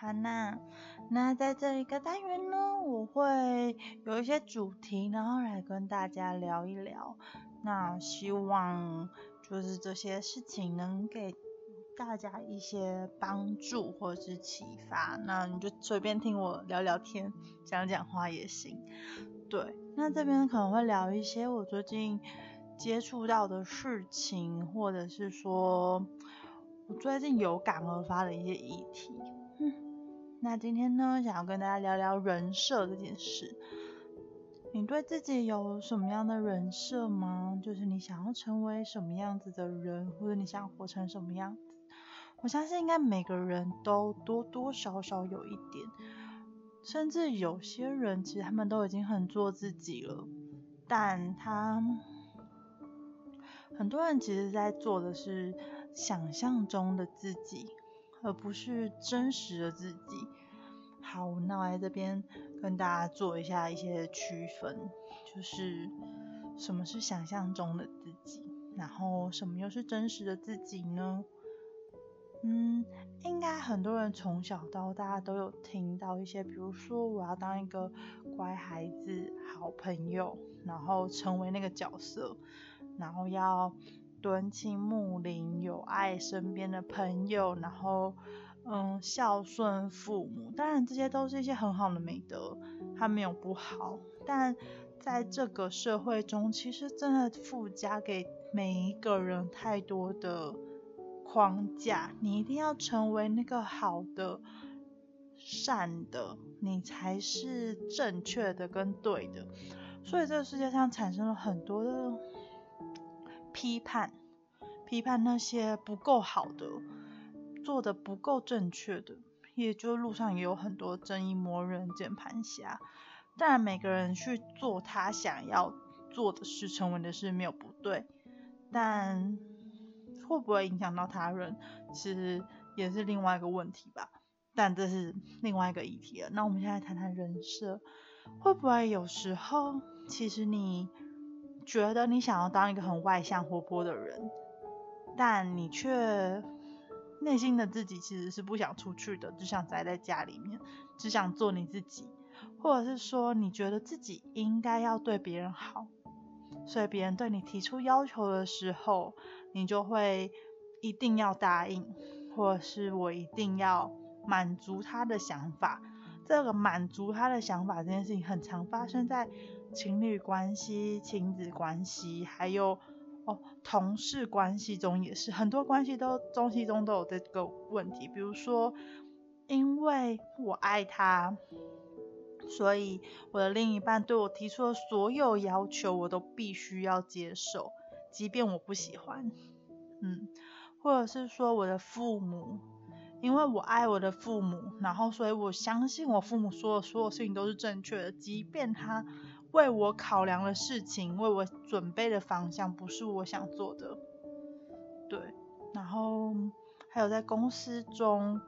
好，那那在這一個單元呢，我會有一些主題，然後來跟大家聊一聊。那希望就是這些事情能給大家一些幫助或是啟發。那你就隨便聽我聊聊天，講講話也行。對，那這邊可能會聊一些我最近接觸到的事情，或者是說我最近有感而發的一些議題。那今天呢，想要跟大家聊聊人設這件事。你對自己有什麼樣的人設嗎？就是你想要成為什麼樣子的人，或者你想活成什麼樣子？我相信應該每個人都多多少少有一點，甚至有些人其實他們都已經很做自己了，但他很多人其實在做的是想象中的自己。而不是真實的自己。好，那我在這邊跟大家做一下一些區分，就是什麼是想象中的自己，然後什麼又是真實的自己呢？嗯，應該很多人從小到大都有聽到一些，比如說我要當一個乖孩子、好朋友，然後成為那個角色，然後要。敦親睦鄰，友愛身邊的朋友，然後嗯，孝順父母，當然這些都是一些很好的美德，它沒有不好。但在這個社會中，其實真的附加給每一個人太多的框架，你一定要成為那個好的、善的，你才是正確的跟對的。所以這個世界上產生了很多的。批判，批判那些不夠好的，做的不夠正確的，也就路上也有很多正義魔人鍵盤俠。但每個人去做他想要做的事，成為的事沒有不對，但會不會影響到他人其實也是另外一個問題吧。但這是另外一個議題了。那我們現在談談人設，會不會有時候其實你？覺得你想要當一個很外向、活潑的人，但你卻內心的自己其實是不想出去的，只想宅在家裡面，只想做你自己，或者是說，你覺得自己應該要對別人好，所以別人對你提出要求的時候，你就會一定要答應，或者是我一定要滿足他的想法。這個滿足他的想法這件事情，很常發生在。情侶關係、親子關係，還有哦，同事關係中也是很多關係都中西中都有這個問題。比如說，因為我愛他，所以我的另一半對我提出的所有要求我都必須要接受，即便我不喜歡。嗯，或者是說我的父母，因為我愛我的父母，然後所以我相信我父母說的所有事情都是正確的，即便他。為我考量的事情，為我準備的方向，不是我想做的，對。然後還有在公司中，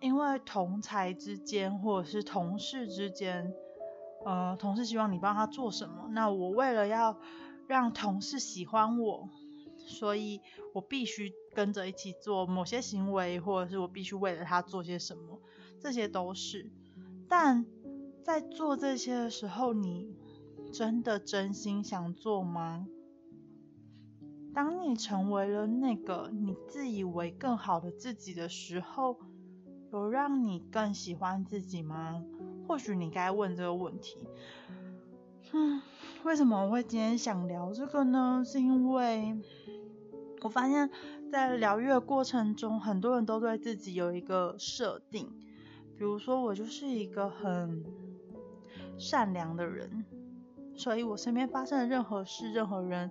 因為同儕之間或者是同事之間，呃，同事希望你幫他做什麼，那我為了要讓同事喜歡我，所以我必須跟着一起做某些行為，或者是我必須為了他做些什麼，這些都是。但在做這些的時候，你。真的真心想做嗎？當你成為了那個你自以為更好的自己的時候，有讓你更喜歡自己嗎？或許你該問這個問題。嗯，為什麼我會今天想聊這個呢？是因為我發現，在療癒的過程中，很多人都對自己有一個設定，比如說我就是一個很善良的人。所以我身邊發生的任何事、任何人，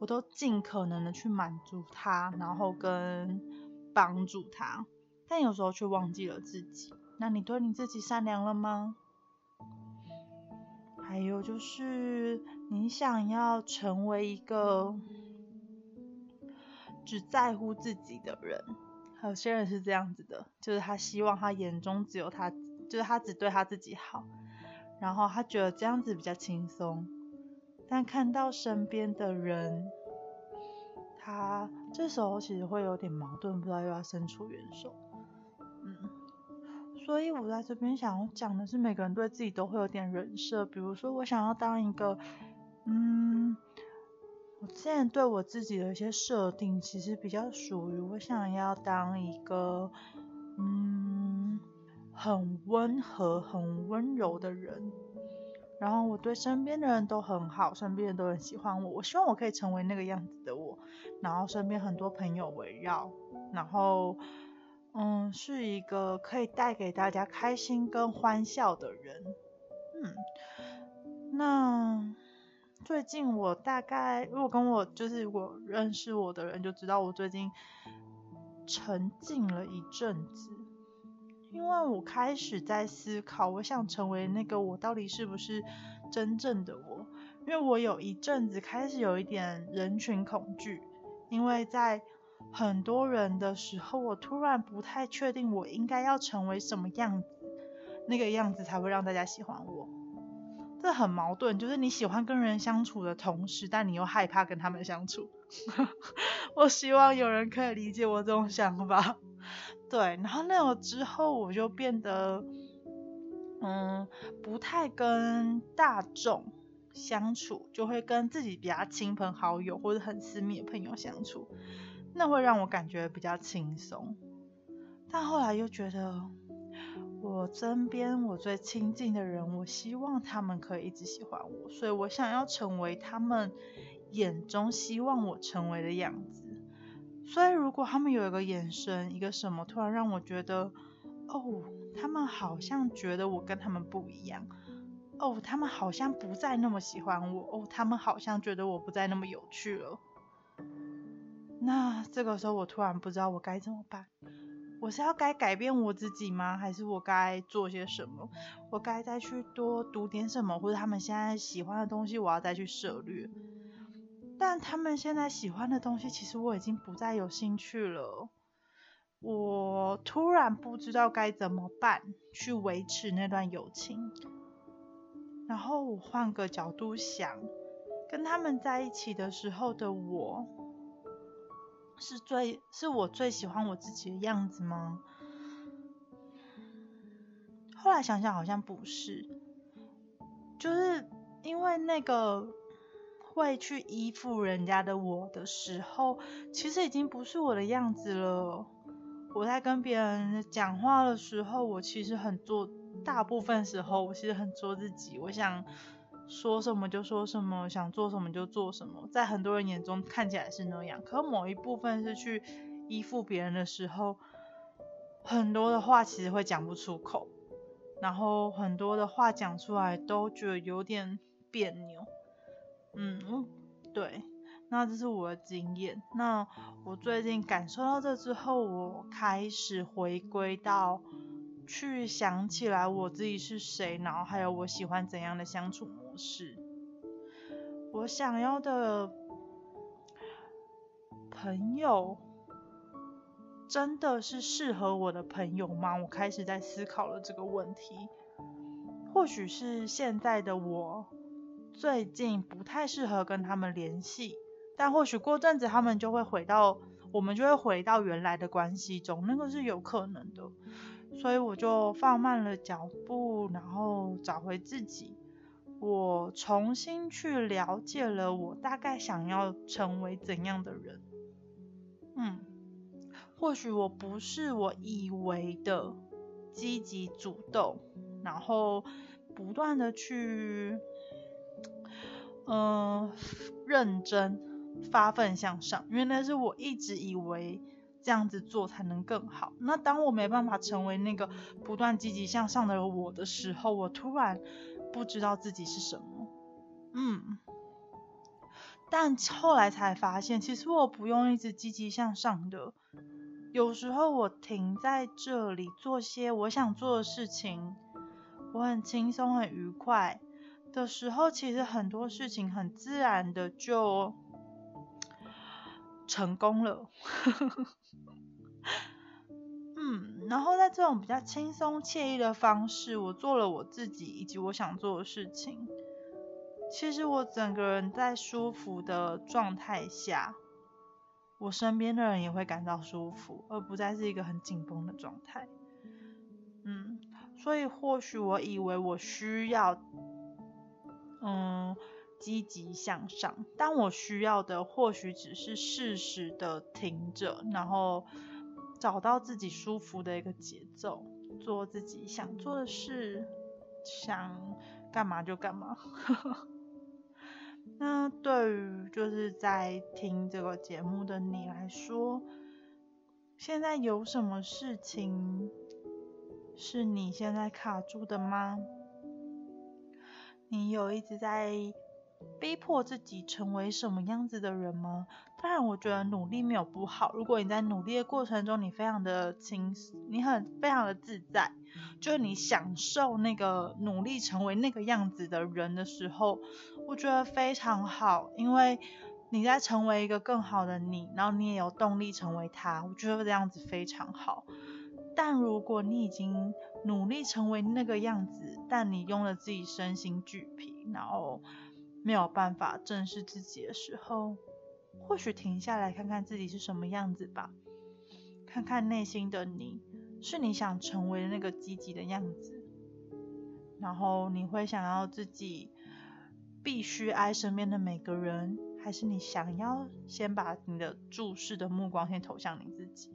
我都盡可能的去滿足他，然後跟幫助他。但有時候卻忘記了自己。那你對你自己善良了嗎？還有就是，你想要成為一個只在乎自己的人。有些人是這樣子的，就是他希望他眼中只有他，就是他只對他自己好。然後他覺得這樣子比較輕鬆，但看到身邊的人，他這時候其實會有點矛盾，不知道又要伸出援手。嗯，所以我在這邊想要講的是，每個人對自己都會有點人設。比如說，我想要當一個，嗯，我現在對我自己的一些設定，其實比較屬於我想要當一個，嗯。很溫和、很溫柔的人，然後我對身邊的人都很好，身邊的人都很喜歡我。我希望我可以成為那個樣子的我，然後身邊很多朋友圍繞，然後，嗯，是一個可以帶給大家開心跟歡笑的人。嗯，那最近我大概，如果跟我就是如果認識我的人就知道，我最近沉浸了一陣子。因為我開始在思考，我想成為那個我，到底是不是真正的我？因為我有一陣子開始有一點人群恐懼，因為在很多人的時候，我突然不太確定我應該要成為什麼樣子，那個樣子才會讓大家喜歡我。這很矛盾，就是你喜歡跟人相處的同時，但你又害怕跟他們相處。 我希望有人可以理解我這種想法。對，然後那個之後我就變得，嗯，不太跟大眾相處，就會跟自己比較親朋好友或者很私密的朋友相處，那會讓我感覺比較輕鬆。但後來又覺得，我身邊我最親近的人，我希望他們可以一直喜歡我，所以我想要成為他們眼中希望我成為的樣子。所以，如果他們有一個眼神、一個什麼，突然讓我覺得，哦，他們好像覺得我跟他們不一樣，哦，他們好像不再那麼喜歡我，哦，他們好像覺得我不再那麼有趣了。那這個時候，我突然不知道我該怎麼辦。我是要該改，改變我自己嗎？還是我該做些什麼？我該再去多讀點什麼，或者他們現在喜歡的東西，我要再去涉獵。但他們現在喜歡的東西，其實我已經不再有興趣了。我突然不知道該怎麼辦，去維持那段友情。然後我換個角度想，跟他們在一起的時候的我，是最，是我最喜歡我自己的樣子嗎？後來想想，好像不是，就是因為那個。會去依附人家的我的時候，其實已經不是我的樣子了。我在跟別人講話的時候，我其實很做，大部分時候我其實很做自己。我想說什麼就說什麼，想做什麼就做什麼，在很多人眼中看起來是那樣。可某一部分是去依附別人的時候，很多的話其實會講不出口，然後很多的話講出來都覺得有點彆扭。嗯，對，那這是我的經驗。那我最近感受到這之後，我開始回歸到去想起來我自己是誰，然後還有我喜歡怎樣的相處模式，我想要的朋友真的是適合我的朋友嗎？我開始在思考了這個問題。或許是現在的我。最近不太適合跟他們聯繫，但或許過陣子他們就會回到，我們就會回到原來的關係中，那個是有可能的。所以我就放慢了腳步，然後找回自己，我重新去了解了我大概想要成為怎樣的人。嗯，或許我不是我以為的積極主動，然後不斷的去。嗯、呃，認真發奮向上。原來是我一直以為這樣子做才能更好。那當我沒辦法成為那個不斷積極向上的我的時候，我突然不知道自己是什麼。嗯，但後來才發現，其實我不用一直積極向上的。有時候我停在這裡做些我想做的事情，我很輕鬆，很愉快。的時候，其實很多事情很自然的就成功了。 嗯，然後在這種比較輕鬆愜意的方式，我做了我自己以及我想做的事情。其實我整個人在舒服的狀態下，我身邊的人也會感到舒服，而不再是一個很緊繃的狀態。嗯，所以或許我以為我需要。嗯，積極向上。但我需要的或許只是適時的停着，然後找到自己舒服的一個節奏，做自己想做的事，想幹嘛就幹嘛。 那對於就是在聽這個節目的你來說，現在有什麼事情是你現在卡住的嗎？你有一直在逼迫自己成為什麼樣子的人嗎？當然，我覺得努力沒有不好。如果你在努力的過程中，你非常的輕，你很非常的自在，就是你享受那個努力成為那個樣子的人的時候，我覺得非常好，因為你在成為一個更好的你，然後你也有動力成為他，我覺得這樣子非常好。但如果你已經努力成為那個樣子，但你用了自己身心俱疲，然後沒有辦法正視自己的時候，或許停下來看看自己是什麼樣子吧，看看內心的你，是你想成為的那個積極的樣子，然後你會想要自己必須愛身邊的每個人，還是你想要先把你的注視的目光先投向你自己？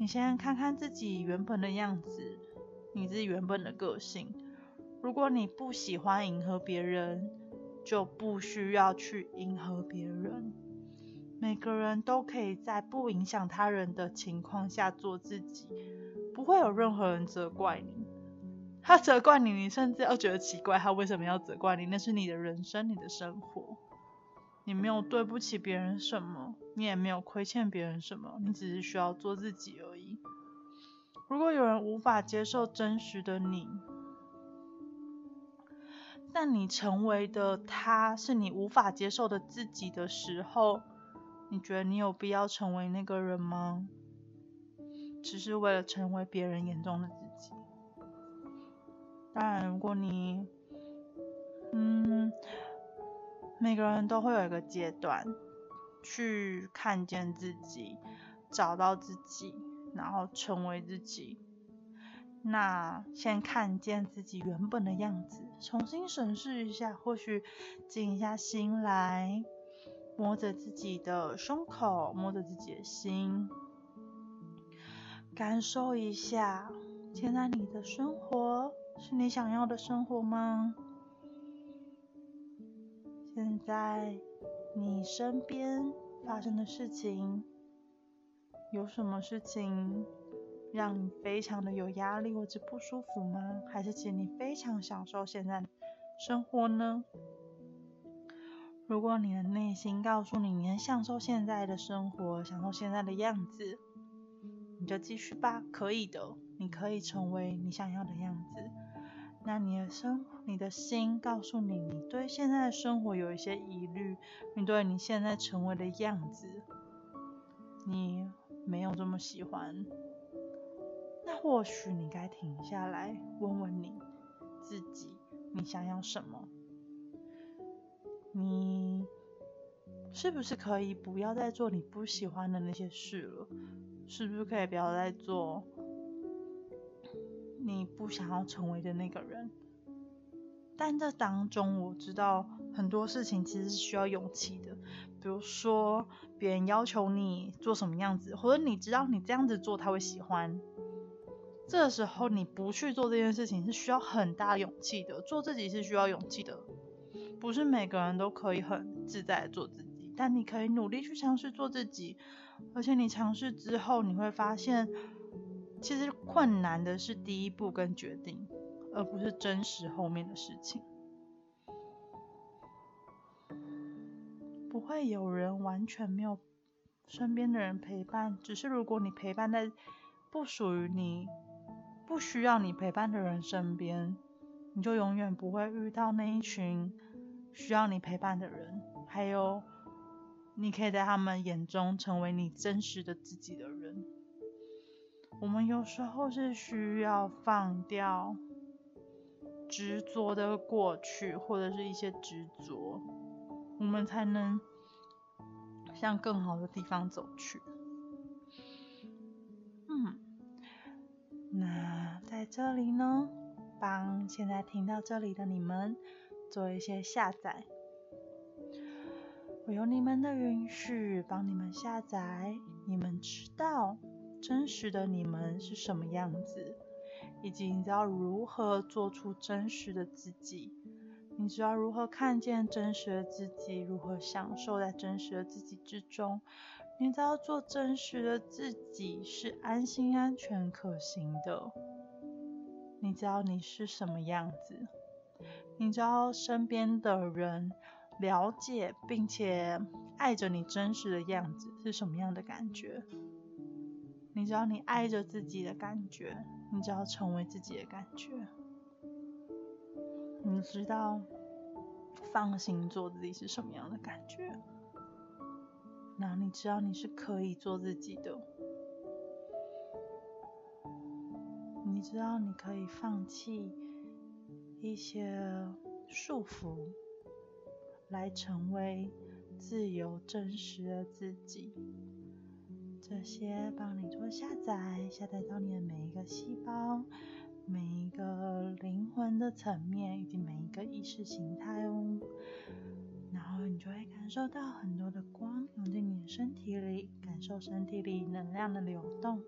你先看看自己原本的樣子，你自己原本的個性。如果你不喜歡迎合別人，就不需要去迎合別人。每個人都可以在不影響他人的情況下做自己，不會有任何人責怪你。他責怪你，你甚至要覺得奇怪，他為什麼要責怪你？那是你的人生，你的生活，你沒有對不起別人什麼，你也沒有虧欠別人什麼，你只是需要做自己而已。如果有人無法接受真實的你，但你成為的他是你無法接受的自己的時候，你覺得你有必要成為那個人嗎？只是為了成為別人眼中的自己。當然，如果你，嗯，每個人都會有一個階段，去看見自己，找到自己。然後成為自己，那先看見自己原本的樣子，重新審視一下，或許靜一下心來，摸着自己的胸口，摸着自己的心，感受一下。現在你的生活是你想要的生活嗎？現在你身邊發生的事情，有什麼事情讓你非常的有壓力或者不舒服嗎？還是請你非常享受現在生活呢？如果你的內心告訴你，你要享受現在的生活，享受現在的樣子，你就繼續吧，可以的，你可以成為你想要的樣子。那你的生，你的心告訴你，你對現在的生活有一些疑慮，你對你現在成為的樣子，你。沒有這麼喜歡，那或許你該停下來問問你自己，你想要什麼？你是不是可以不要再做你不喜歡的那些事了？是不是可以不要再做你不想要成為的那個人？但這當中，我知道很多事情其實是需要勇氣的。比如說，別人要求你做什麼樣子，或者你知道你這樣子做他會喜歡，這時候你不去做這件事情是需要很大勇氣的。做自己是需要勇氣的，不是每個人都可以很自在的做自己，但你可以努力去嘗試做自己，而且你嘗試之後你會發現，其實困難的是第一步跟決定，而不是真實後面的事情。不會有人完全沒有身邊的人陪伴，只是如果你陪伴在不屬於你、不需要你陪伴的人身邊，你就永遠不會遇到那一群需要你陪伴的人，還有你可以在他們眼中成為你真實的自己的人。我們有時候是需要放掉執着的過去，或者是一些執着。我們才能向更好的地方走去。嗯，那在這裡呢，幫現在聽到這裡的你們做一些下載。我有你們的允許，幫你們下載。你們知道真實的你們是什麼樣子，以及你知道如何做出真實的自己。你知道如何看見真實的自己，如何享受在真實的自己之中。你知道做真實的自己是安心、安全、可行的。你知道你是什麼樣子？你知道身邊的人了解並且愛着你真實的樣子是什麼樣的感覺？你知道你愛着自己的感覺？你知道成為自己的感覺？你知道放心做自己是什麼樣的感覺？那你知道你是可以做自己的，你知道你可以放棄一些束縛，來成為自由真實的自己。這些幫你做下載，下載到你的每一個細胞。每一個靈魂的層面，以及每一個意識形態哦，然後你就會感受到很多的光湧進你的身體裡，感受身體裡能量的流動。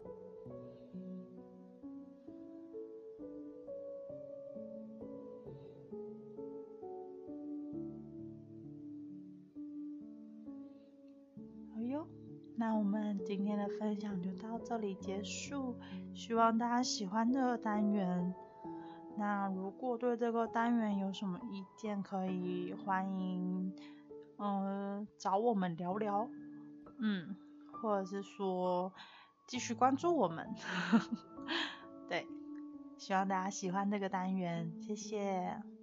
那我們今天的分享就到這裡結束，希望大家喜歡這個單元。那如果對這個單元有什麼意見，可以歡迎嗯找我們聊聊，嗯，或者是說繼續關注我們。呵呵對，希望大家喜歡這個單元，謝謝。